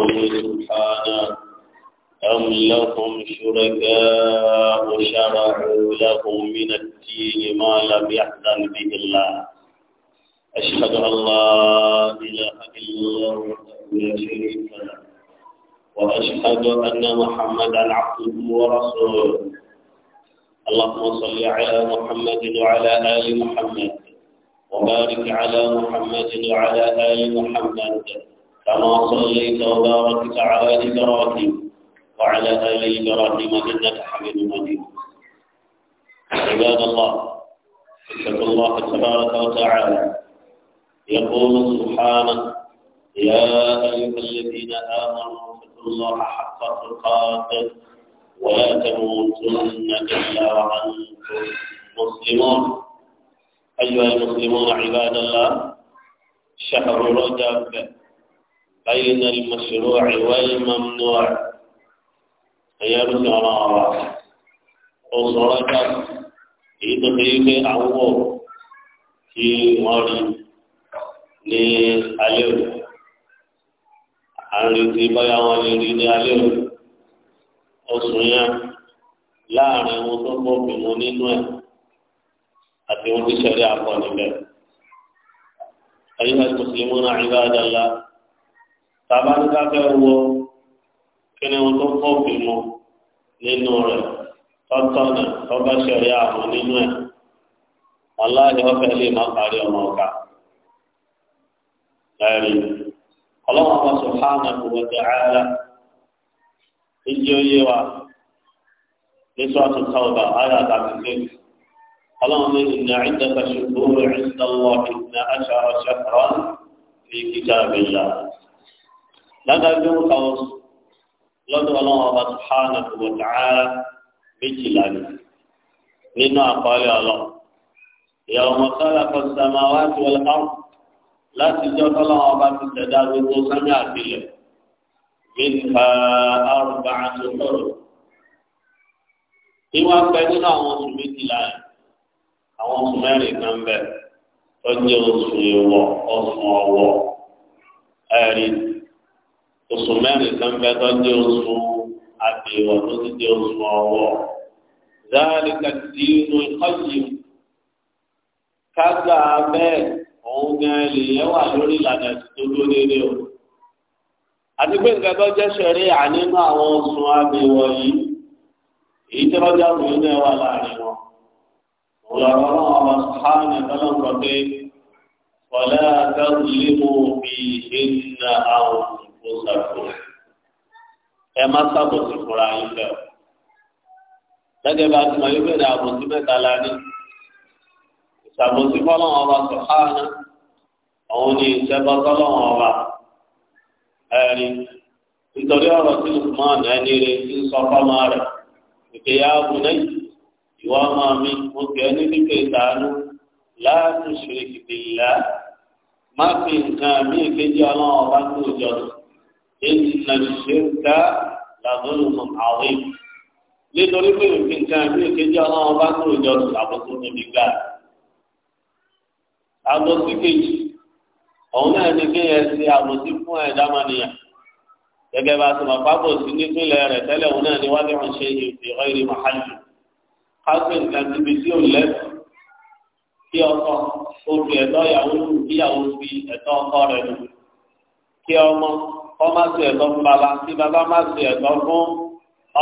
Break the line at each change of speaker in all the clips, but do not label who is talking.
سبحانه أم لهم شركاء شرعوا لهم من الدين ما لم يحزن به الله أشهد أن لا إله إلا الله وحده لا شريك له وأشهد أن محمدا عبده ورسوله اللهم صل على محمد وعلى آل محمد وبارك على محمد وعلى آل محمد كما صليت وباركت على إبراهيم وعلى آل إبراهيم إنك حميد مجيد عباد الله اتقوا الله تبارك وتعالى يقول سبحانه يا أيها الذين آمنوا اتقوا الله حق تقاته ولا تموتن إلا وأنتم مسلمون أيها المسلمون عباد الله شهر رجب بين المشروع والممنوع ẹyẹrúsìn ọ̀ràn ọ̀rọ̀ oṣù rẹ́jà èyí tó fi pé àwọ̀ tí wọ́n rí ní alẹ́ òní à ń retí bóyá wọ́n lè rí ní alẹ́ òní oṣù yẹn láàrin ohun tó gbófin mu nínú ẹ̀ àti ohun tí sẹ́rí akọ níbẹ̀. أيها المسلمون عباد الله tàbá ní ká fẹ́ wọ kí ni wọn tó kọ́ fi nínú ma tọ́tọ́nà tọ́ba ṣẹ̀rí àwọn nínú ẹ̀ aláàdé wọn lè má parí ọmọ ọ̀ka ẹ̀rí ọlọ́wọ́n kan subhanahu wa ta'ala oyé wa ọlọ́wọ́n ní ìnà ìnà aṣọ àṣẹ kọ́ra dájú káwọn lọ́dọ̀ ọlọ́run ọba subhanahu wa ta'ala méjìlá ni nínú àkọọ́lẹ̀ ọlọ́run ìyàwó mọ̀sálà kan sàmà wá sí wọlé káwọn láti jọ ọlọ́run ọba ti tẹ̀dá gbogbo sánmi àbílẹ̀ minha arba'atu hurum ìwà pẹ nínú àwọn oṣù méjìlá àwọn oṣù mẹ́rin kan bẹ tó oṣù ìwọ oṣù ọwọ ẹrí oṣù mẹ́rin kan bẹ tó dé oṣù àgbèwọ̀ tó ti dé oṣù ọwọ́. Záàlì kàtí inú ikọ́ yìí kágbà bẹ́ẹ̀ òun gan ènìyàn wà lórí ìlànà tó tó dédé o. Àti pé nǹkan tó jẹ́ ṣẹ̀rí ànínú àwọn oṣù àgbèwọ̀ yìí èyí tí wọ́n jáwé náà wà láàrin wọn. Òlàwọ́ náà wà sáánà lọ́lọ́kọ̀ọ́ pé wọ́n lára ká lè mú òbí ìṣe àwọn òbí ó sàbò ẹ má sàbò sí fúnra yín bẹ́ẹ̀ gẹ́gẹ́ bá ti mọ yín bẹ̀rẹ̀ àbòsí mẹ́ta la ní ìsàbòsí fọlọ́wọ́n ọba sọ̀hánà òun ni ìṣẹ́bọ fọlọ́wọ́n ọba ẹ̀rí nítorí ọ̀rọ̀ tí lùkùmọ́ọ̀nù ẹni rẹ̀ ti sọ fọ́mọ rẹ̀ ìgbéyàwó lẹ́yìn ìwọ ọmọ mi mo kẹ́ ẹ́ ní nípa ìtàánú láàtúnṣe ìgbìyà má fi nǹkan mí ìkejì ọlọ́run ọba tó jọ sí inna shirka la zulmun azim nítorí pé òfin nǹkan àbí ìkejì ọlọ́run bá kúrò jọ àbùkù níbi gbà àbùkù kejì òun náà ní kí yẹn ṣe àbòsí fún ẹ̀dá mọ́nìyàn gẹ́gẹ́ bá a sọ màá fábòsí nípínlẹ̀ rẹ̀ tẹ́lẹ̀ òun náà ní wá ní wọn ṣe ìfì ọ̀rẹ́ màhájú káṣí nǹkan síbi tí ò lẹ́sù kí ọkọ ó ẹ̀tọ́ ìyàwó ìyàwó fi ẹ̀tọ́ ọkọ rẹ̀ lù kí ọmọ ọmọ sí ẹ̀tọ́ fún bàbá tí bàbá má sí ẹ̀tọ́ fún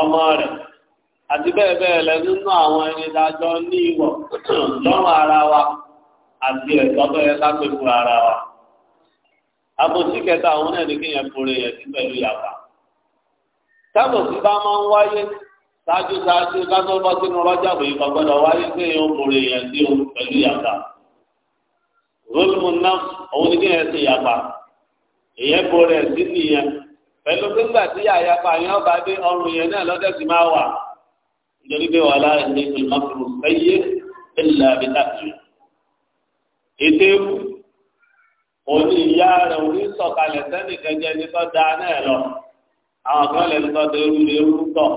ọmọ rẹ̀ àti bẹ́ẹ̀ bẹ́ẹ̀ lẹ nínú àwọn ẹni dájọ́ ní ìwọ̀ lọ́rùn ara wa àti ẹ̀tọ́ tó yẹ ká pé fún ara wa. àbòsí kẹta àwọn náà ní kéèyàn forí yẹn sí pẹ̀lú yàrá. tábòsí bá máa ń wáyé ṣáájú ṣáájú kátó bọ́ sínú rọ́jà bòye kan gbọ́dọ̀ wáyé kéèyàn forí yẹn sí pẹ̀lú yàrá. rólùmù náà òun ní kéèyàn sí yàrá èyẹ bo rẹ sí nìyẹn pẹ̀lú gbígbà tí yàyà pààyàn ọba dé ọrùn yẹn náà lọdẹ sì máa wà nítorí pé wàhálà ní ìmọ̀kùnrin fẹ́yẹ ẹ̀là àbítàkì ètè ewu òní ìyá rẹ òní sọ̀kalẹ̀ sẹ́ni kẹjẹ ní tọ́ da náà lọ àwọn kan lè tọ́ da ewu lè ewu tọ̀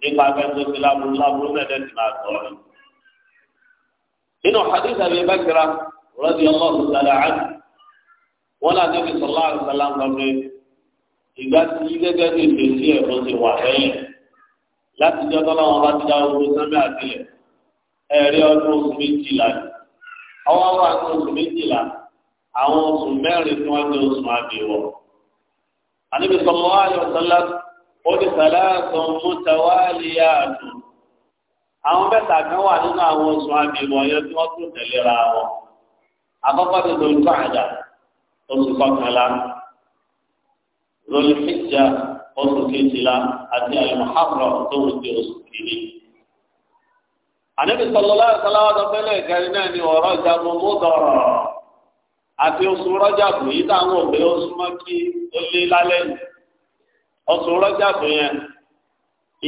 nípa akẹ́kọ̀ọ́ sí láburú láburú mẹ́tẹ́ sì máa tọ̀ rẹ. nínú hadith Abi Bakra radiyallahu ta'ala anhu wọn là níbi sọlá àgbàlá ńlọ pé ìgbà tí gẹ́gẹ́ bí ìgbésí ẹ ló ti wà lẹ́yìn láti jọ tọ́lá wọn bá ti dá ogun sábẹ́ àtìlẹ̀ ẹ̀rí ọdún oṣù méjìlá àwọn àwọn àti oṣù méjìlá àwọn oṣù mẹ́rin tí wọ́n jẹ́ oṣù àbẹ̀wọ̀. àníbi sọlá àyọ̀sọ́lá ó ní sàlá àtọ̀ mọ́tàwálìyà àtọ̀ àwọn mẹ́ta kan wà nínú àwọn oṣù àbẹ̀wọ̀ yẹn tí wọ́n tún tẹ̀léra wọn. àkọ́kọ́ ti dòjú àjà oṣù kọkànlá lórí fíjà oṣù kejìlá àti alimuhamra tó ń di oṣù kìíní. ànábì sọlọ́lá ìsọláwá dọ́gbẹ́lẹ̀ ìkẹrin náà ni ọ̀rọ̀ ìjagun mú dọ̀rọ̀ àti oṣù rọ́jà bù yí táwọn òbí oṣù mọ́ kí ó lé lálẹ́ oṣù rọ́jà bù yẹn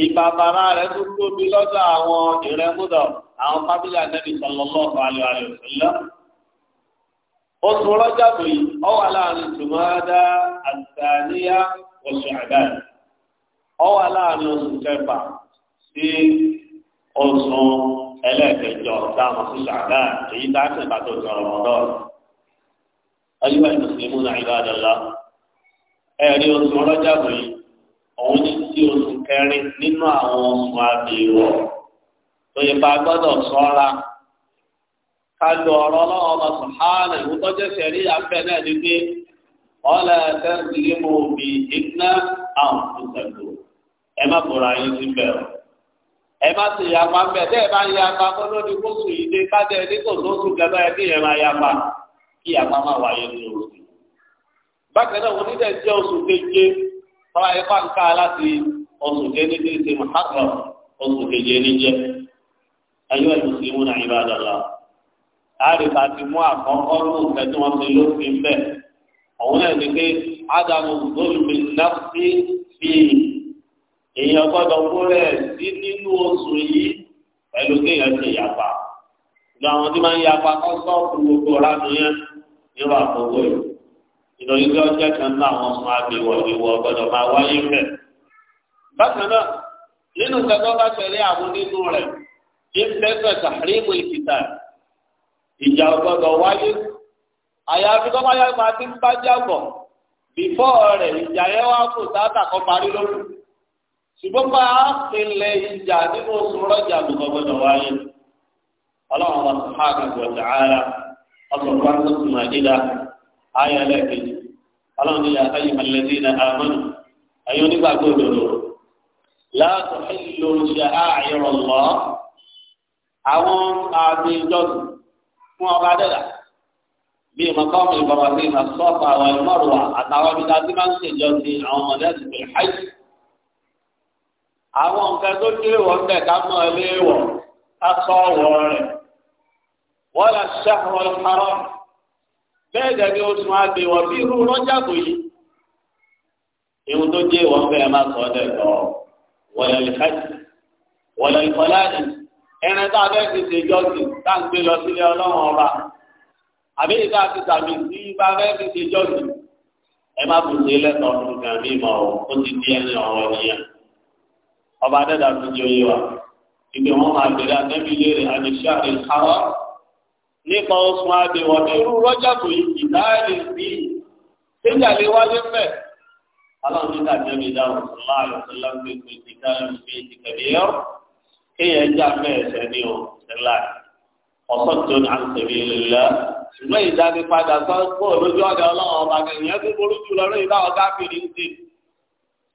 ìbàbàrà rẹ̀ tó tóbi lọ́dọ̀ àwọn ìrẹ́múdọ̀ àwọn fábílì ànábì sọlọ́lá ọ̀fọ̀ àlè àlè òṣèlú oṣù rọ́jàbù yìí ó wà láàrin tùmọ́dá àtàníyá oṣù àgbáyé ó láàrin oṣù ẹlẹ́ẹ̀kẹjọ táwọn oṣù èyí tá a ti pàtó oṣù ọ̀rọ̀mọ́dọ́ ayúwà ìmùsùlùmí náà ìlú ẹ̀rí oṣù yìí òun ní oṣù kẹrin nínú àwọn oṣù tó yẹ bá gbọ́dọ̀ kájọ ọ̀rọ̀ ọlọ́wọ́ ọba sùhánà ìwútọ́jẹ́ sẹ̀rí àfẹ́ náà ni pé ọ̀là tẹ́sílẹ̀ mọ̀ bí iná àwọn ìṣẹ̀lú ẹ má bọ̀rọ̀ ayé ti bẹ̀rẹ̀ ẹ má sì yapa bẹ̀ tẹ́ ẹ bá yapa kó lóde kóso yìí dé kájẹ ní kò tó sùn kẹlẹ́ ẹ kí yẹn máa yapa kí yapa má wáyé ní oṣù bákan náà onídẹ̀ jẹ́ oṣù keje fọlá ipá ń láti oṣù kéde ní ti mọ̀ oṣù keje ní jẹ́ ayé ẹ̀ mùsùlùmí náà ibadallah láàrin bá ti mú àkọ́kọ́ ní òkè tí wọ́n ti lófin bẹ́ẹ̀ òun náà ni pé ádámù lómi láti fi èèyàn gbọ́dọ̀ kó rẹ̀ sí nínú oṣù yìí pẹ̀lú kéèyàn ti yàgbà ìgbà àwọn tí máa ń yàgbà kọ́ sọ́ọ̀kù gbogbo ránú yẹn nírọ̀ àkókò yìí ìdọ̀rí tí wọ́n jẹ́ kan náà wọ́n máa bí wọ̀lúwọ̀ gbọ́dọ̀ máa wáyé rẹ̀ bákan náà nínú kẹtọ́ bá tẹ̀lé àwọn nínú rẹ̀ ní pẹ́pẹ́ tàhírí ìmọ̀ ìkìtà rẹ̀. ìjà ọgbọ́dọ̀ wáyé àyàfi tó bá yá ìgbà tí ń bá rẹ̀ ìjà yẹn wá kò kan parí lókun ṣùgbọ́n bá a pinlẹ̀ ìjà nínú oṣù rọ́jà wáyé ọlọ́run wa wa ayé ọlọ́run ní àtàyè malẹ́dí ní àmọ́nù ayé ṣe àwọn fún ọba dẹ́dà bíi mọ̀kánmù Ibrahim àsọ́fà àwọn ìmọ̀rùwà àtàwọn ibi láti máa ń ṣèjọ sí àwọn mọ̀lẹ́sì pẹ̀lú hajj. àwọn nǹkan tó kéré wọ́n bẹ̀ ká mọ̀ ilé wọ̀ ká sọ ọ̀wọ́ rẹ̀ wọ́n lọ ṣàkóso ọ̀rọ̀ bẹ́ẹ̀ gẹ́gẹ́ oṣù àgbèwọ̀ bí irú rọ́jà kò yí. ewu tó jẹ́ wọ́n bẹ́ẹ̀ má sọ ọ́ ẹran tá a fẹ́ fi ṣèjọ́sìn tá à ń gbé lọ sílé ọlọ́run ọba àbí ìta ti tàbí sí bá fẹ́ fi ṣèjọ́sìn ẹ má bù sí lẹ́tọ̀ọ́ fún gàmí mọ́ ọ ó ti di ẹni ọ̀rọ̀ nìyẹn ọba adẹ́dà tó jẹ oyè wa ibi wọn máa bèrè àtẹ́bí léèrè àdìsá ìkárọ́ nípa oṣù àbẹ̀wò irú rọ́jà tó yí ìdáàlì sí séjà wáyé fẹ́ aláwọn nígbà tẹ́lẹ̀ dáhùn sọlá àlùsọlá ń gbé kéèyàn já mẹ́ẹ̀ẹ́sẹ̀ ní o ńlá ọ̀sán tó ní àtẹ̀lé ńlá ṣùgbọ́n ìdáni padà sọ́kọ́ lójú ọ̀dà ọlọ́run ọba kẹ̀yìn ẹ̀kú burú jù lọ́rọ́ ìlà ọ̀gá fìdí ń sè.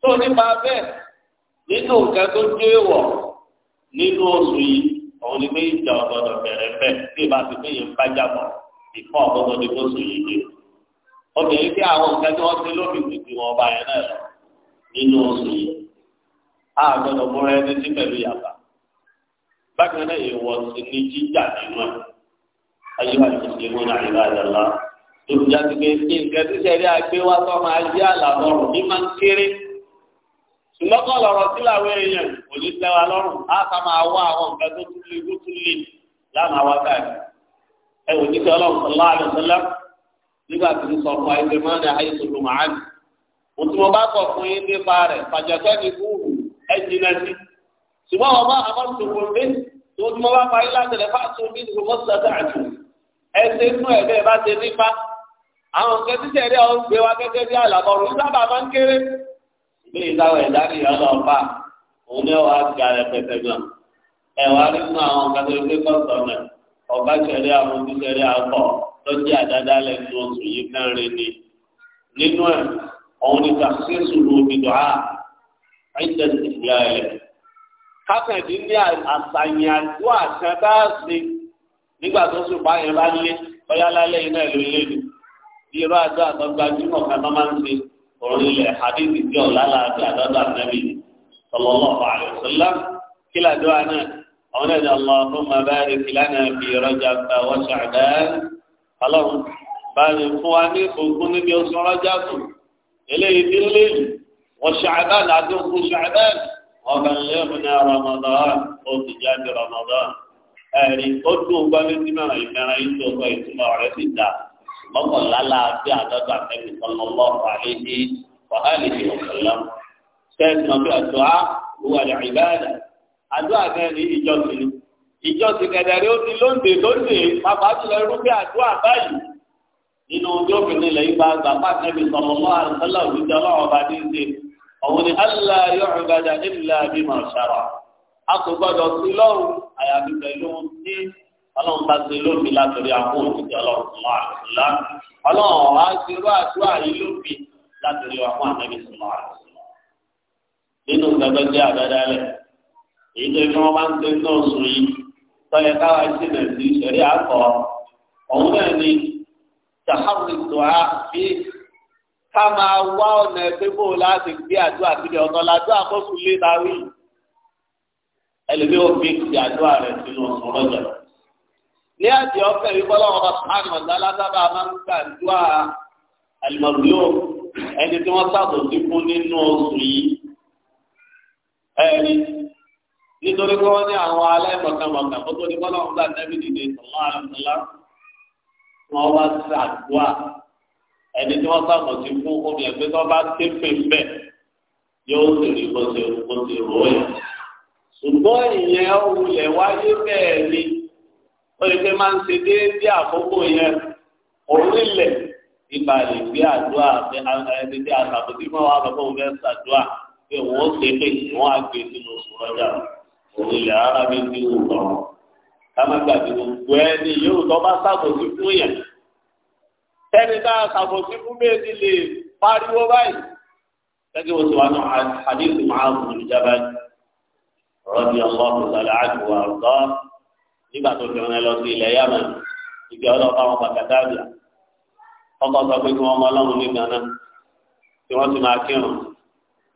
tó nípa bẹ́ẹ̀ nínú nǹkan tó dé wọ̀ nínú oṣù yìí òun ni pé ìjà ọ̀gbọ̀dọ̀ bẹ̀rẹ̀ bẹ̀ tí ìbá ti pé yẹn bá jàpọ̀ ìfọ̀ ọ̀gbọ̀dọ̀ ní oṣù yìí dé. obìnrin tí àwọn nǹkan tí wọ́n ti lóbìnrin ti wọ̀ ọba yẹn náà nínú oṣù yìí. a múra ẹni sí pẹ̀lú yàtọ̀ bákan náà ìwọ sí ní jíjà nínú ẹ ayé wa ti ṣe múná ìlú àdàlá lóòjá ti pé kí nǹkan tí sẹ́rí àgbé wá tó máa yé àlàmọ́rùn ní máa ń kéré ṣùgbọ́n kọ́ lọ́rọ̀ sí làwọn èèyàn kò ní tẹ́wa lọ́rùn á ká máa wá àwọn nǹkan tó tún lé tó tún lé lánàá wá káàkiri ẹ wò ní sọlá ọ̀sánlá àlùsọ́lá nígbà tí ń sọ fún àìsàn máa ní àìsàn lùmọ̀ àná òtún mo bá kọ̀ fún yín nípa rẹ̀ fàjọ́sẹ́ kúrú ẹ sí ṣùgbọ́n wọn bá àwọn ṣòwò mi tó tí wọ́n bá parí láti rẹ̀ fáṣọ mi ní gbogbo ṣàtà àjù ẹsẹ̀ inú ẹ̀ bẹ́ẹ̀ bá ṣe nípa àwọn nǹkan tí sẹ̀rí àwọn gbé wa gẹ́gẹ́ bí àlàbọ̀rọ̀ sábà máa ń kéré ilé ìdáwọ̀ ẹ̀dá ni ìyọ́lọ́ ọ̀pá òun ni wàá ga rẹpẹtẹ gan ẹ̀wà nínú àwọn nǹkan tó ń gbé kọ́sọ̀nà ọ̀gá sẹ̀rí àwọn kákàndín ní àṣàyàn àdúrà kan bá ṣe nígbà tó sùn bá yẹn bá lé ọyá lálẹ́ iná ẹ̀ ló lé ní bí irú àjọ àtọ́gbà jùmọ̀ kan tó máa ń ṣe òun ilẹ̀ àdéhùn ìjọ lálàáfíà àdọ́dọ̀ ànábì sallallahu alaihi wasallam kí làdúrà náà àwọn ẹ̀dá Allahumma barik lana fi Rajab wa Sha'ban ọlọ́run báyìí fún wa ní ògùn níbi oṣù Rajab eléyìí وبلغنا رمضان وصيام رمضان ẹ̀rí ó dún ọgbà létí mẹ́rin ìmẹ́rin yìí tó sọ ìtumọ̀ rẹ̀ sì dá mọ́kànlá láàbí àdọ́gba nẹ́bí sọlọ́lọ́ àléhí wàhálì ní ọ̀sọ̀lọ́. sẹ́ẹ̀tì náà bí àdúrà wúwa lè rí bẹ́ẹ̀ àdúrà mẹ́rin ìjọsìn ni ìjọsìn kẹ̀dẹ̀rẹ́ ó ti lóńdè lóńdè pàpà jùlọ irúgbẹ́ àdúrà báyìí nínú ojú obìnrin lẹ́yìn bá gbà pàtẹ́bí sọlọ́lọ́ àlùfẹ́lẹ́ òjijì ọlọ́run ọba ní í ṣe òun ni allah yu'bada illa bima shara a kò gbọdọ̀ sí lọ́rùn àyàfi pẹ̀lú ní ọlọ́run bá ti lómi látọ̀rí àwọn òṣìṣẹ́ ọlọ́run mọ́ àlùfáà ọlọ́run á ti rú àdúrà yìí lómi látọ̀rí àwọn ànábì sọ̀rọ̀ àlùfáà. nínú gbẹgbẹ́ jẹ́ àdádálẹ̀ èyí tó ní wọ́n máa ń gbé ní oṣù yìí tọ́yẹ káwá sí nàìjíríà ìṣẹ̀rí àkọ́ ọ̀hún náà ni tàhárì tòá fi ká máa wá ọ̀nà ẹgbẹ́ bò láti gbé àdúrà sílẹ̀ ọ̀nà làdúrà kó sùn lé darí ẹlòmíì òfin ti àdúrà rẹ̀ sínú ọ̀sán lọ́jà ní àti ọ̀fẹ́ ìfọlọ́ ọba sàn ọ̀dà lásábà máa ń gbà àdúrà àlùmọ̀lùmọ́ ẹni tí wọ́n sábò sí fún nínú oṣù yìí ẹ̀rí nítorí pé wọ́n ní àwọn aláìmọ̀kànmọ̀kàn kó tó ní fọlọ́ ọba nẹ́bí dìde sọ̀rọ̀ àdúrà ẹni tí wọ́n sábà ti fún omi ẹgbẹ́ tí wọ́n bá ké pè mbẹ yóò sì rí bó ṣe bó ṣe rò ó yẹn ṣùgbọ́n ìyẹn òwúlẹ̀ wáyé bẹ́ẹ̀ ni ó lè fẹ́ máa ń ṣe déédéé àkókò yẹn orílẹ̀ ìgbà lè gbé àdúrà ẹni tí a sàbòtí mọ́ wa bàbá òun fẹ́ sàdúrà pé òun ó ṣe pé wọ́n á gbé sínú oṣù rọ́jà orílẹ̀ ara ti wù lọ́wọ́ ká má gbàgbé yóò tọ́ bá sàbòtí fún yẹn tẹ́lẹ̀ tá a ṣàbòsí fún méjì lè pariwo báyìí. gẹ́gẹ́ bó ti wà ní hadith Mu'adh bin Jabal radiyallahu ta'ala anhu wa arda nígbà tó fi wọn lọ sí ilẹ̀ Yemen ìgbà ọlọ́pàá àwọn bàtàkà àbíà ọkọ̀ sọ pé kí wọ́n mọ ọlọ́run ní Ghana kí wọ́n ti máa kírun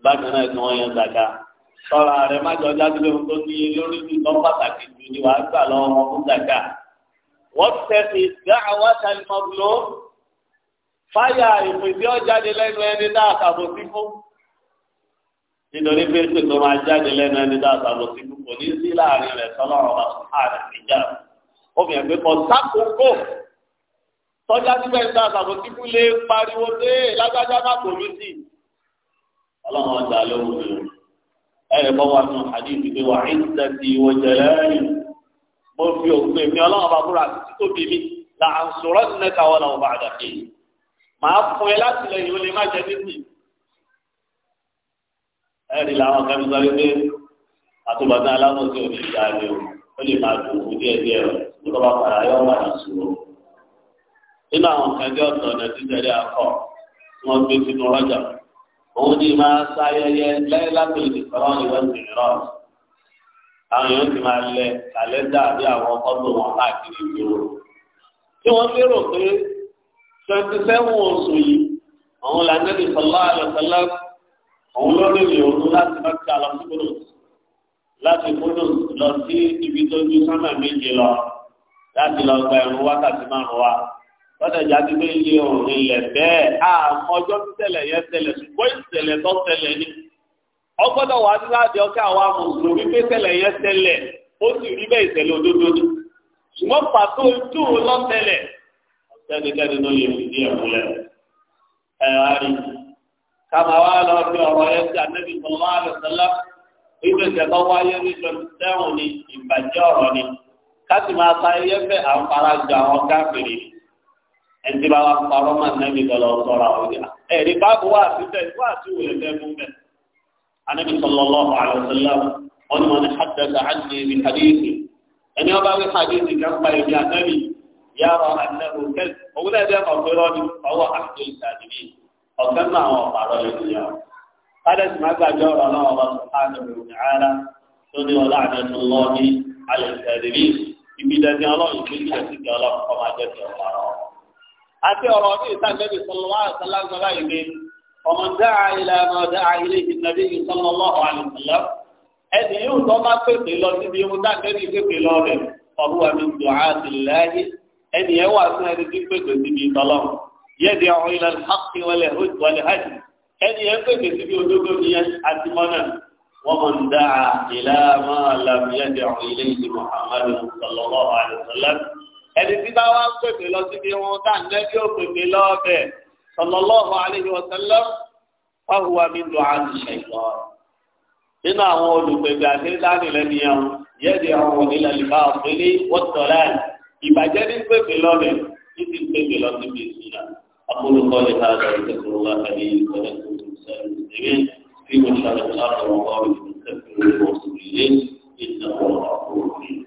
bákan náà kí wọ́n yan zaka sọ̀rọ̀ ààrẹ májọ jáde lóhun tó ní lórí ju pàtàkì ju ni wàá gbà lọ́wọ́ wọn fún zaka wọ́n tẹ̀sí dáhà wá sálímọ́ fáyà ìpèsè ọ̀jáde lẹ́nu ẹni dá àtàbò sí fún nítorí pé pé tó máa jáde lẹ́nu ẹni dá àtàbò sí fún kò ní sí láàrin rẹ̀ sọ́lọ́run wa sùhánà ìjà obìnrin pé kò sákòókò tọ́jà síbẹ̀ ń dá àtàbò sí fún lè pariwo dé lágbájá má kò mí sí ọlọ́run ọjà lóhùn mi ẹ̀rẹ̀ bọ́ wa nù àdìsí pé wà á ń tẹ̀sí ìwọ jẹ̀lẹ́ mo fi òpin mi ọlọ́run bá búra títí tóbi mi là ń sọ̀rọ̀ nínú ẹ̀ka wọn làwọn bá àdàkè yìí màá fún ẹ láti lẹ́yìn o lè má jẹ títì ẹrí làwọn kan sọ wípé àtúbọ̀tán alámọ̀tí òní ìjà ni o ó lè máa dùn fún díẹ̀ díẹ̀ rẹ nígbà bá padà yọ wà ní sùúrù nínú àwọn kan jẹ́ ọ̀tọ̀ ọ̀nà títẹ̀lé akọ tí wọ́n gbé sínú rọ́jà òun ni máa sáyẹyẹ lẹ́yìn láti lè sọ̀rọ̀ ìwé mìíràn àwọn èèyàn ti máa lẹ kàlẹ́dà bí àwọn ọkọ̀ tó wọn káàkiri ìgboro tí wọ́n lérò pé twenty seven oṣù yìí àwọn làǹdẹ́bí sọlá àlọ́sọlá òun ló lè lè òun láti bá ti àlọ́ sí kúrò láti kúrò lọ sí ibi tó ju sánmà méje lọ láti lọ gba ẹ̀rù wákàtí márùn wa lọ́dẹ̀jà ti gbé ilé òun ilẹ̀ bẹ́ẹ̀ àmọ́ ọjọ́ títẹ̀lẹ̀ yẹn tẹ̀lẹ̀ ṣùgbọ́n ìṣẹ̀lẹ̀ tó tẹ̀lẹ̀ ni ọgbọ́dọ̀ wà ní láti ọkẹ́ àwa mùsùlùmí pé tẹ̀lẹ̀ yẹn tẹ̀lẹ̀ ó sì rí bẹ́ẹ̀ ìṣẹ̀lẹ̀ òdodo ni ṣùgbọ́n pàtó ojú lọ́tẹ̀lẹ̀ kẹ́nikẹ́ni ló lè fi díẹ̀ múlẹ̀. ẹ á rí kàmá wa lọ fi ọ̀rọ̀ yẹn ti àtẹ́bí sọ̀rọ̀ àlùsọ́lá ibi ìṣẹ̀kọ́ wáyé ní sẹ́wọ̀n ni ìbàjẹ́ ọ̀rọ̀ ni káti máa ta ẹyẹ fẹ́ àfarajọ àwọn káfìrí ẹtì bá wa parọ́ máa nẹ́bi lọ́lọ́ sọ̀rọ̀ àwọn ìyá. ẹ̀rí báàbò wà síbẹ̀ wà sí òye fẹ́ mú bẹ̀. anabi sallallahu alaihi wasallam wọn ni wọn ni haddatha anni bi hadithi ẹni ọba wí hadithi kan pa anabi yàrá àdínàbò kẹ́lì òun náà jẹ́ ọ̀pẹ̀rọ̀ ni ọwọ́ àti ìtàdìbí ọ̀kẹ́ náà àwọn ọ̀pàrọ̀ lè nìyà. Adẹ́sì máa gbàgbé ọ̀rọ̀ náà ọba Sùhánù Rùmìhánà tó ní ọlá àdẹ́sùn lọ ní alẹ́ ìtàdìbí ibi dẹ́ni ọlọ́run tó ní ẹ̀sìn kí ọlọ́run kọ́ máa jẹ́ ti ọ̀pàrọ̀. Àti ọ̀rọ̀ ní ìtàgbẹ́bí sọlọ́wọ́ ẹni yóò tọ́ bá pèpè lọ síbi ẹni yẹn wà fún ẹni tí pèsè síbi ìtọ́lọ́ yẹ́dì ọ̀hún ilẹ̀ hàkì wọlé wọlé hajj ẹni yẹn pèsè síbi òdodo nìyẹn àti mọ́nà wọ́n mọ̀ ń dá a ìlà máa làm yẹ́dì ọ̀hún ilé ìdí muhammadu sallallahu alayhi wa sallam ẹni tí bá wá pèsè lọ síbi wọn tá à ń lẹ́bí ó pèsè lọ́ọ̀bẹ̀ sallallahu alayhi fáwọn mi lọ àti nínú àwọn olùpèsè ìbàjẹ́ ní pépè lọ́lẹ̀ ní ti pépè lọ síbi ìṣúná akólókọ́ ní ká lọ sí ẹ̀kọ́ wa kàlí ìṣẹ̀lẹ̀ tó ń sẹ́yìn ìṣẹ̀lẹ̀ tí mo ṣàlẹ̀ láàbọ̀ wọn kọ́ ìṣẹ̀lẹ̀ tó ń sẹ́yìn ìṣẹ̀lẹ̀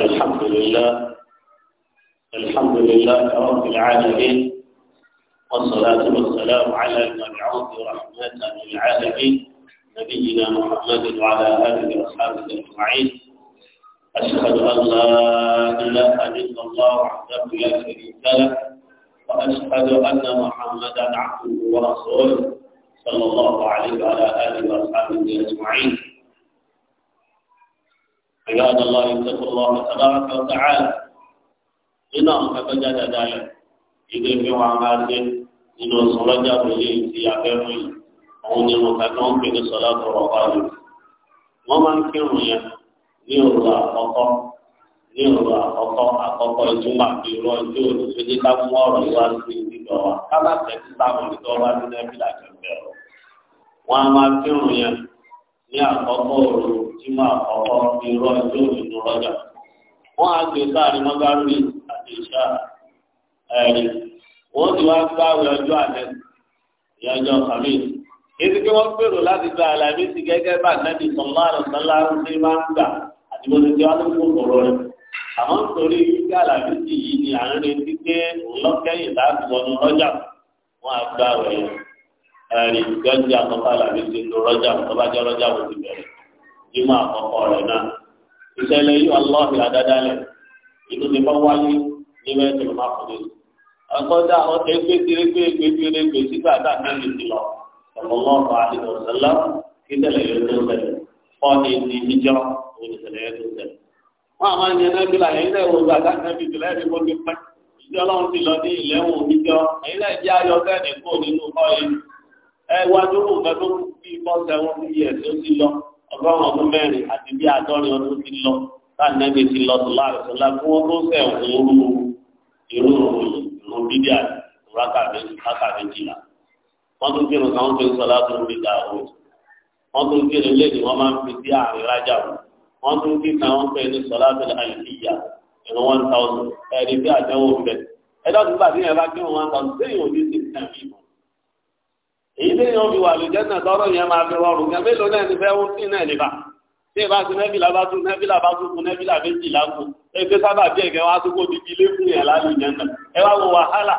الحمد لله الحمد لله رب العالمين والصلاة والسلام على المبعوث رحمة للعالمين نبينا محمد وعلى آله وأصحابه أجمعين أشهد أن لا إله إلا الله وحده لا شريك له وأشهد أن محمدا عبده ورسوله صلى الله عليه وعلى آله وأصحابه أجمعين عباد الله اتقوا الله تبارك وتعالى إنهم فبجد ذلك ìgbé fi wọn bá dé nínú oṣù lọ́jà tó lé ti abẹ́mú yìí àwọn onímọ̀ kàkà wọn pè ní sọlá tọrọ wájú. wọ́n máa ń kírun yẹn ní òru àkọ́kọ́ ní òru àkọ́kọ́ àkọ́kọ́ ìtumọ̀ àti ìrọ̀ ojú òní tó dé ká mú ọ̀rọ̀ yìí wá sí ìdíjọ wa kábà tẹ̀sí sáwọn ìdíjọ wa ní nẹ́bílà kẹfẹ́ rọ. wọ́n máa kírun yẹn ní àkọ́kọ́ òru ìtumọ̀ àkọ́kọ́ ìrọ̀ ojú òní rọ́jà. wọ́n á gbé sáà ní ẹ̀rí wọ́n ti wá gbá àwọn ọjọ́ àná ìyá ọjọ́ kàmí. ètò kí wọ́n gbèrò láti gba àlàyé sí gẹ́gẹ́ bá nàbì sọ̀lá àrùsọ̀lá ṣe máa ń gbà àti bó ti rẹ̀. àmọ́ nítorí àlàyé ni à ń retí pé láti wọnú rọ́jà wọ́n á gbá àwọn ẹ̀yìn ẹ̀rí gbẹ́ndé àkọ́kọ́ àlàyé ti lo rọ́jà rọ́jà wò ti bẹ̀rẹ̀ àkọ́kọ́ yìí akọ́dá ọ̀tẹ̀ gbẹ́gbẹ́gbẹ́ gbẹ́gbẹ́gbẹ́ sígbà tá a tẹ̀lé sí lọ ọ̀pọ̀lọpọ̀ àdìgbò sẹ́lá kí tẹ̀lé yóò tó tẹ̀lé fọ́ọ̀nì ní ìjọ olùsẹ̀lẹ̀ yóò tó tẹ̀lé. wọ́n àmọ́ ẹni ẹ̀dá bílà ẹ̀yin náà wò gbàgbá ẹ̀mí ìbílẹ̀ ẹ̀mí kó ti pẹ́ ìjọ ọlọ́run ti lọ ní ìlẹ́wọ̀n òbíjọ ẹ̀yin náà jẹ́ ayọ̀ sẹ́ẹ̀nì kó nínú kọ́ọ̀yì ẹ wá dúró nǹkan tó bí bọ́ọ̀sẹ̀ wọn ti yẹ tó ti lọ ọgọ́rùn-ún ọdún mẹ́rin àti bí àádọ́rin ọdún ti lọ táà nẹ́gbẹ̀ẹ́ ti lọ sọ̀lá àrùsọ̀lá fún ọdún sẹ́wọ̀n irú irú òòyì ìrun bíbí àti rákà méjìlá wọ́n tún kírun kan wọ́n fi ń sọ láti orí ìdá òun wọ́n tún kírun léde wọ́n máa ń fi sí àárín rájà wọ́n tún kí kan wọ́n fẹ́ ní sọlá tó láyé sí ìyá ìrun one thousand ẹ̀rí bí àdéhùn ń bẹ ẹ̀dá tó gbà tí yẹn bá kírun one thousand sẹ́yìn òní sí ìsìn àmì ìmọ̀ èyí lẹ́yìn òbí wà lójẹ́ náà tọ́rọ̀ yẹn máa fi rọrùn kẹ́ tí ìbá ti nẹ́bìlà bá tún nẹ́bìlà bá tún fún nẹ́bìlà méjì lágbo ẹgbẹ́ sábà bí ẹ̀gẹ́ wá tó kó di ilé fún yẹn lálẹ́ yẹn náà ẹ wá wo wàhálà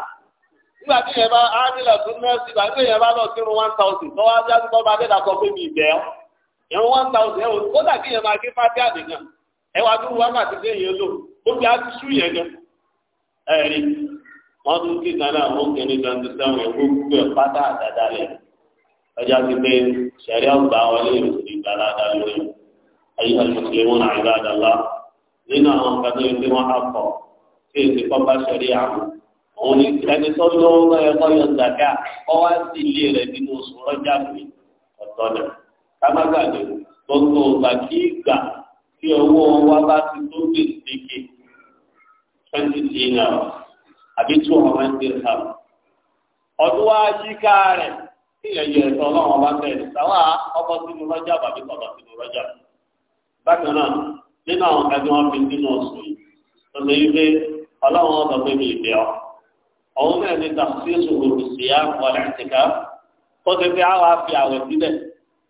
nígbà tí yẹn bá ánìlà tún nẹ́ẹ̀sì bá gbé yẹn bá lọ sínú one thousand tọ́wọ́ ajá tó bá dé dàkọ́ pé mi ìbẹ́ ọ́ yẹn one thousand ẹ̀ ó dà kí yẹn máa gé fáfíà nìkan ẹ wá dúró wákàtí dé yẹn lò ó fi aṣú yẹn gan ẹ̀rí wọ́n tún kí kanáà wọ́n kẹ́ni twenty seven ẹ̀ gbogbo ẹ̀ pátá àdáda lẹ̀ ọjà ti pé sẹ̀rí ọgbà wọlé ìrìsì ìgbàlá dá lórí. أيها المسلمون عباد الله لنا أن قدرت وحقا في صفة شريعة òun ẹni tó lówó ẹ̀kọ́ yọ zaka ọwọ́ sí ilé rẹ̀ nínú oṣù rọ́jà mi ọ̀tọ̀ náà kámágbàdo gbogbo ọgbà kí ìgbà tí owó wa bá ti tó gbèsèké twenty dinar àbí two hundred dirham ọdún wa yíká rẹ̀ kí ìyẹn yẹ ẹ̀tọ́ ọlọ́run ọba bẹ̀rẹ̀ sáwà ọkọ̀ sínú rọ́jà àbí kọ̀ọ̀kan sínú rọ́jà mi bákan náà nínú àwọn kájú wọn fi sínú ọ̀sùn yìí lọ́sọ̀ yìí pé ọlọ́run ọ̀sọ̀ pé mi ìbẹ̀ ọ́ ọ̀hún náà ní tàfíìsù òkú sí yá wọlé àtìká ó ti fi àwọn afi àwẹ̀ sílẹ̀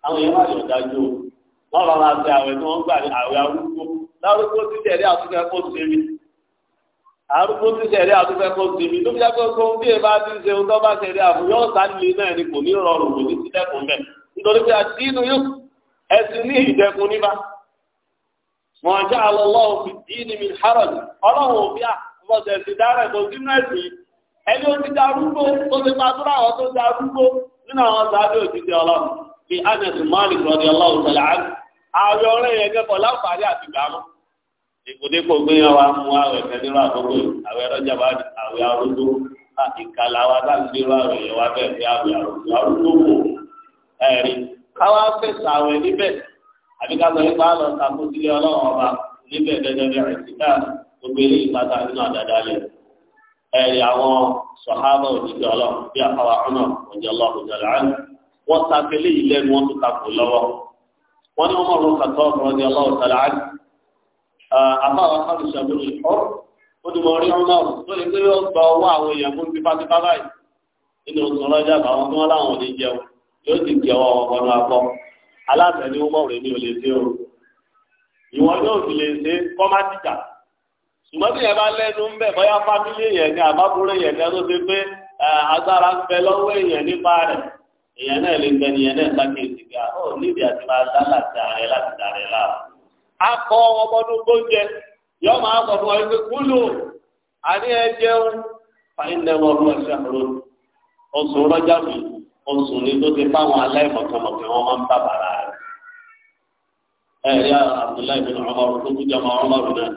àwọn yẹn wà yọ̀ dájú o wọ́n bá máa fi àwẹ̀ tí wọ́n gbà ní àwẹ̀ arúgbó lárúgbó ti tẹ̀lé àtúfẹ́ kó ti rí arúgbó ti tẹ̀lé àtúfẹ́ kó ti rí lóbi akọ́kọ́ bí ẹ bá ti ṣe ọtọ́ bá tẹ̀lé àbú yóò ni kò ní rọrùn wọn jẹ́ àlọ́lọ́ òfin díìnì mi hárọ̀lì ọlọ́run òbí àbọ̀sẹ̀ ti dára ìkàlà wa fi arúgbó arúgbó wò káwá àbí ká lọ nípa àlọ́ takò sílé ọlọ́run ọba níbẹ̀ gẹ́gẹ́ bí àìsíkà gbogbo ilé ìpàtà nínú àdàdà lẹ̀ ẹ̀rí àwọn sọ̀hábà òjijì ọlọ́run bí àfàwà ọ̀nà òjijì ọlọ́run òjijì ọlọ́run wọ́n takẹ́lé yìí lẹ́nu wọ́n tún takò lọ́wọ́ wọ́n ní wọ́n mọ̀ kàtọ́ òjijì ọlọ́run ọ̀tàlá àfàwà ọ̀nà ìṣàbùrù ìfọ́ ó ti mọ̀ rí ọ̀nà tó lè pé ó gba owó àwọn èèyàn fún tipátipá báyìí nínú sọ̀rọ̀ aláṣẹ ni wọn rẹ mi ò ṣe o ìwọ náà sì lè ṣe kọ́mátìkà ṣùgbọ́n tí yẹn bá lẹ́nu ń bẹ̀ bóyá fámílì ni àbábúrò yẹn ni ẹnu ti pé agbára ń bẹ lọ́wọ́ èèyàn nípa rẹ̀ èèyàn náà lè gbẹni yẹn náà sákèjì gà ó nídìí àti máa dá láti ààrẹ láti dàrẹ láà. akọ oṣù ni tó ti fáwọn aláìmọ̀kànmọ̀kàn wọn máa ń bá bàrà rẹ̀. ẹ ẹ yá Abdullahi bin Umar tó kú jọmọ ọmọ rẹ náà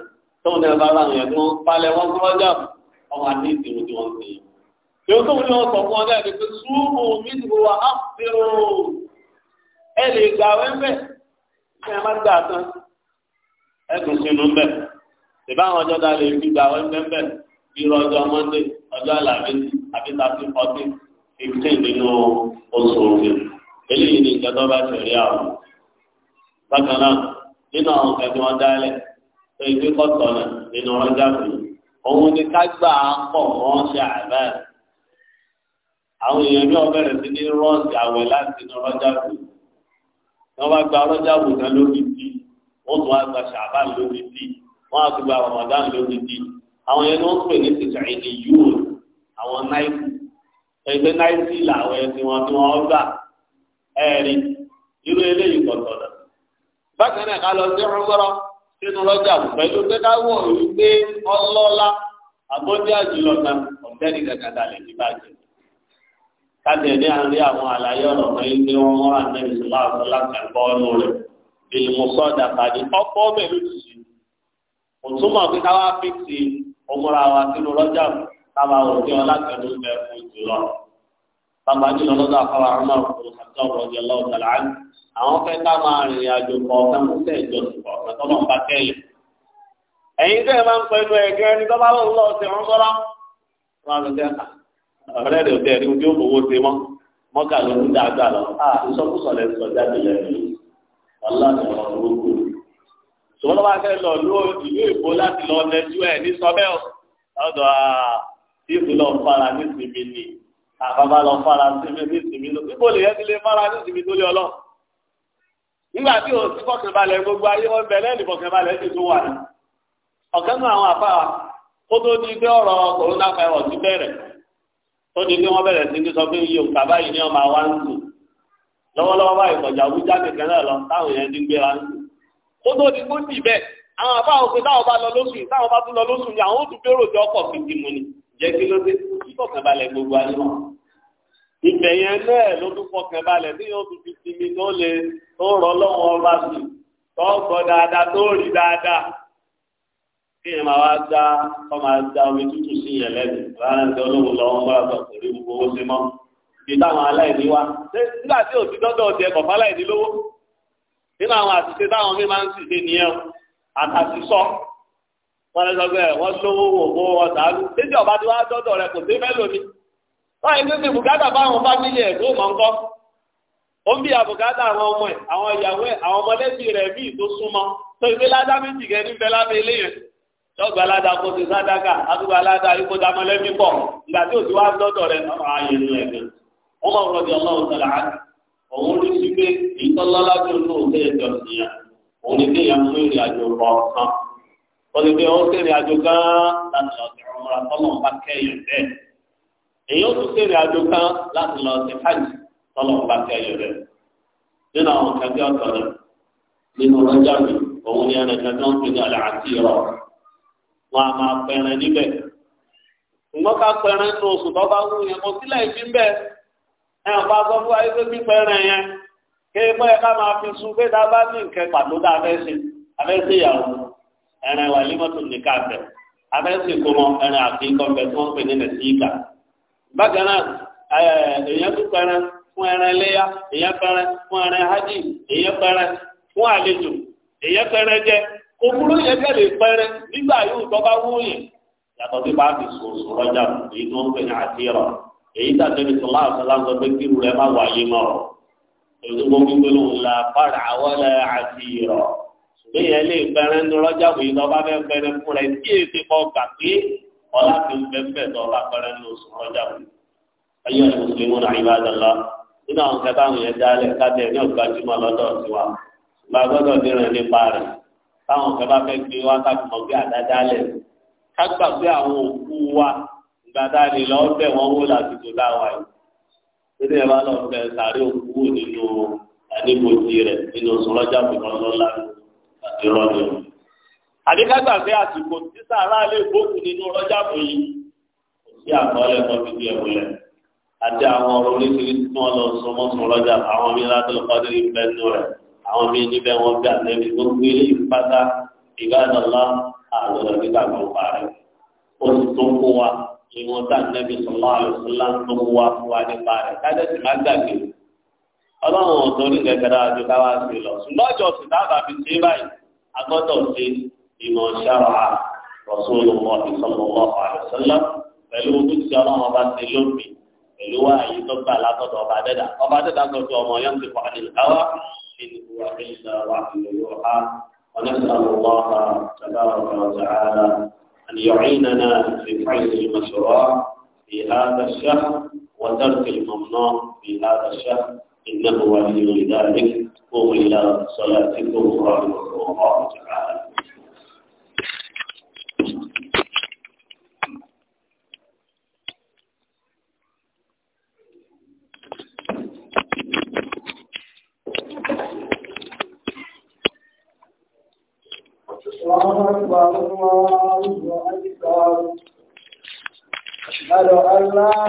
tóun náà bá bá yẹn tó ń palẹ̀ wọn tó wọ́n jà ọmọ àti ìdìbò tí wọ́n ti yẹn. yóò tó wọn ni wọn sọ fún ọ náà ni pé súnmù mi ti wà á fi o ẹ lè gbà wẹ́ńbẹ́ ẹ má gbà tán ẹ tún sínú mbẹ ìbáwọn ọjọ́ dáa lè fi gbà wẹ́ńbẹ́ mbẹ bí ọjọ́ Monday ọjọ́ Àlàmísì àbí thirteen fourteen fifteen nínú oṣù òfin eléyìí ni ìjọ bá àwọn bákan náà nínú àwọn tó ìgbé náà nínú ọjà mi òun ni pọ̀ ṣe àwọn èèyàn sí ní rọ́ọ̀sì àwẹ̀ láti inú ọjà mi bá gba ọjà lórí tún gba ṣàbá ẹgbẹ́ náírà làwọn ẹsìn wọn tí wọ́n gbà ẹ̀rí irú eléyìí kọ̀tọ̀ lọ. bákan náà ká lọ sí ọ̀rọ̀ sínú lọ́jà pẹ̀lú pé ká wọ̀ wípé ọlọ́lá àbọ̀dé àjùlọ kan ọ̀gbẹ́ni kankan dalẹ̀ ní bàjẹ́. kájẹ̀ ní àárín àwọn àlàyé ọ̀rọ̀ kan yìí pé wọ́n wọ́n àtẹ́lẹ̀ sọ́lá àtọ́lá kan bọ́ ọ́nù rẹ̀ ìmùsọ̀dà tàbí ọ̀pọ̀ mẹ́lú tìṣe. òtúmọ̀ pé ká wá fíìsì ọmọra wa sínú lọ́jà mọ́ káma òfin ọlákẹ́lú bẹ fún jùlọ. Bàbá jùlọ lọ́dọ̀ àfọwọ́ àrùnmọ́ òkú àtọ́ ọ̀rọ̀dì ọlọ́wọ́ tàlá. Àwọn fẹ́ káma arìnrìn àjò kọ̀ọ̀kan fún tẹ̀ ìjọ kọ̀ọ̀kan tó lọ́n bá kẹ́yìn. Ẹ̀yin tẹ́ ẹ máa ń pẹnu ẹ̀gẹ́ ẹni tó bá lọ lọ sí wọn sọ́lá. Ọ̀rẹ́ rẹ̀ tẹ̀ ní ojú òkòwò ṣe mọ́. Mọ́kà ló ń dáadáa lọ. Ìsọkúsọ̀ lẹ sọ jáde lẹ́nu. Ọlọ́run ọ̀rọ̀ gbogbo. Ṣùgbọ́n tó bá fẹ́ lọ lóòdì ní èkó láti lọ lẹ́jú ẹ̀ ní sọ́bẹ̀ tí ìlú lọ fara nísìmí ni àbábá lọ fara nísìmí ló níbo lè yẹn ti lè fara nísìmí tó lé ọlọ nígbà tí o ti fọkànbalẹ̀ gbogbo ayé wọn bẹ lẹ́yìn ìfọkànbalẹ̀ ti tún wà ní ọ̀kẹ́ nù àwọn àfa kó tó di pé ọ̀rọ̀ corona virus ti bẹ̀rẹ̀ tó di pé wọ́n bẹ̀rẹ̀ sí ní sọ pé iye òǹkà báyìí ni ọmọ àwa ń sùn lọ́wọ́lọ́wọ́ báyìí kọjá wújá kẹ̀kẹ́ náà lọ táwọn yẹn ti ń gbéra ń sùn kó tó di kó dì bẹ́ẹ̀ àwọn àfa òfin táwọn bá lọ lóṣù táwọn bá tún lọ lóṣù ni àwọn ò tún fẹ́ràn ọjọ́ ọkọ̀ fìdí mu ni jẹ́ kí ló dé fọkànbalẹ̀ gbogbo ayé wọn. Ibẹ̀ yẹn náà ló tún fọkànbalẹ̀ ní yóò tún fi sinmi tó lè tó rọ lọ́wọ́ ọba sùn tó gbọ́ dáadáa tó rí dáadáa. Kí yẹn máa wá dá ọ máa dá omi tútù sí yẹn lẹ́nu rárá ní olóhùn lọ́wọ́ ń bá ọ̀sán kò rí gbogbo owó sí mọ́. Bí táwọn aláìní wá. Nígbà tí òsì dọ́dọ̀ ọ̀dẹ kọ̀ọ̀fà aláìní lówó. Nínú àwọn àṣìṣe táwọn mi máa ń ṣìṣe wọ́n lọ sọ pé wọ́n lówó wò bó wọn sàánú títí ọba tí wọ́n á dọ́dọ̀ rẹ kò sí mẹ́lò ni wọ́n yìí títí bùkátà báwọn fámìlì ẹ̀ tó mọ̀ nǹkan ó ń bí àbùkátà àwọn ọmọ ẹ̀ àwọn ìyàwó ẹ̀ àwọn ọmọlẹ́bí rẹ̀ míì tó súnmọ́ tó ìwé ládá méjì kẹ́ nífẹ̀ẹ́ lábẹ́ ilé yẹn lọ́gbà ládà kó ti sádàkà àdúgbò aládà ikú damọ́lẹ́bí pọ̀ ìgbà tí òtí wá dọ́dọ̀ rẹ̀ ọmọ ayé ni ẹ̀gbẹ́ ọmọ ọ̀rọ̀dì ọlọ́run sọ̀rọ̀ á òun ló ti gbé ìtọ́lọ́lá tó lóòótọ́ ìjọsìn yẹn òun ní kéèyàn mú ìrìn àjò kọ̀ọ̀kan olùgbé ó sèrè àjò kan láti lọ sí ọmọ àtọ́nà ọba kẹyìn bẹ́ẹ̀ èyí ó tún sèrè àjò kan láti lọ sí hajj tọ́nà ọba kẹyìn bẹ́ẹ̀ nínú àwọn nínú mi òun ni ẹnì kẹfẹ́ ń pinnu àlẹ́ àti wọn a máa pẹrẹ níbẹ̀ ṣùgbọ́n ká oṣù tó bá wù yẹn kò sílẹ̀ fi sun pé dábàá ní pàtó dáa fẹ́ ẹran wa límọ̀tò nìka ka abẹ́sì kó mọ ẹran àti ikọ̀ bẹ̀ tí wọ́n pè ní nàìjíríà. bákan náà èèyàn tún pẹrẹ fún ẹran léyà èèyàn pẹrẹ fún ẹran hajj fún àlejò pẹrẹ jẹ yẹn lè pẹrẹ nígbà yóò sí èyí tó ń pè ní èyí sọlá pé rẹ má gbọ́ léyìn lè bẹ̀rẹ̀ ní rọ́jà wò yìí lọ́ba fẹ́ bẹ̀rẹ̀ fún rẹ̀ tí èsì kọ́ gbà pé ọlá ti ń bẹ̀rẹ̀ lọ́ba bẹ̀rẹ̀ ní oṣù rọ́jà wò. ayé ọ̀nà mùsùlùmí náà yìí bá dà lọ nínú àwọn kẹta àwọn yẹn dálẹ̀ kájẹ ní ọ̀gá jùmọ̀ lọ́dọ̀ tiwa gba gbọ́dọ̀ dìrẹ̀ nípa rẹ̀ táwọn kẹta fẹ́ gbé wá káfí mọ̀ bí àdá dálẹ̀ kágbà pé àwọn òkú wa gbadá ni lọ́ọ́ bẹ̀ wọ́n wó lásìkò láwa yìí nínú ẹ̀ bá lọ irọ́ ni o. àdékágbà fẹ́ àsìkò tí sàrà lè gbókùn nínú rọ́jà fún yìí kò sí àkọọ́lẹ̀ kan fi di ẹ̀múlẹ̀ àti àwọn ọ̀rọ̀ oríṣiríṣi tí wọ́n lọ sọ mọ́ sọ rọ́jà àwọn mi látọ̀ lọ́kọ́dé ní bẹ́ẹ̀nu rẹ̀ àwọn mi níbẹ̀ wọ́n gbé àtẹ́bí gbogbo ilé ìpátá ìgbàdànlá àlọ́lọ́ nígbà kan parí. ó sì tó kó wa ìwọ̀n tá àtẹ́bí sọ̀lá àlùsọ́lá tó kó wa fún wa nípa rẹ̀ ká ọlọ́run ò torí gẹ́gẹ́ dára ju káwá sí lọ ṣùgbọ́n ìjọsìn dábàá fi ṣe báyìí agbọ́dọ̀ ṣe ìmọ̀ ṣáà rọ̀ṣọ́lù wọn ìṣọ̀lọ́wọ́ àrùsọ́lá pẹ̀lú ojú tí ọlọ́run ọba ṣe lómi pẹ̀lú ààyè tó gbà látọ̀dọ̀ ọba dẹ́dà ọba dẹ́dà sọ pé ọmọ yẹn ti fọ àdìláwà nínú ìwà ìṣẹ̀lẹ̀ wà nínú ha ونسأل الله تبارك وتعالى أن يعيننا في فعل المشروع في هذا الشهر وترك الممنوع في هذا الشهر إنه ولي ذلك قم إلى صلاتكم رحمكم الله تعالى الله أكبر الله أكبر أشهد أن لا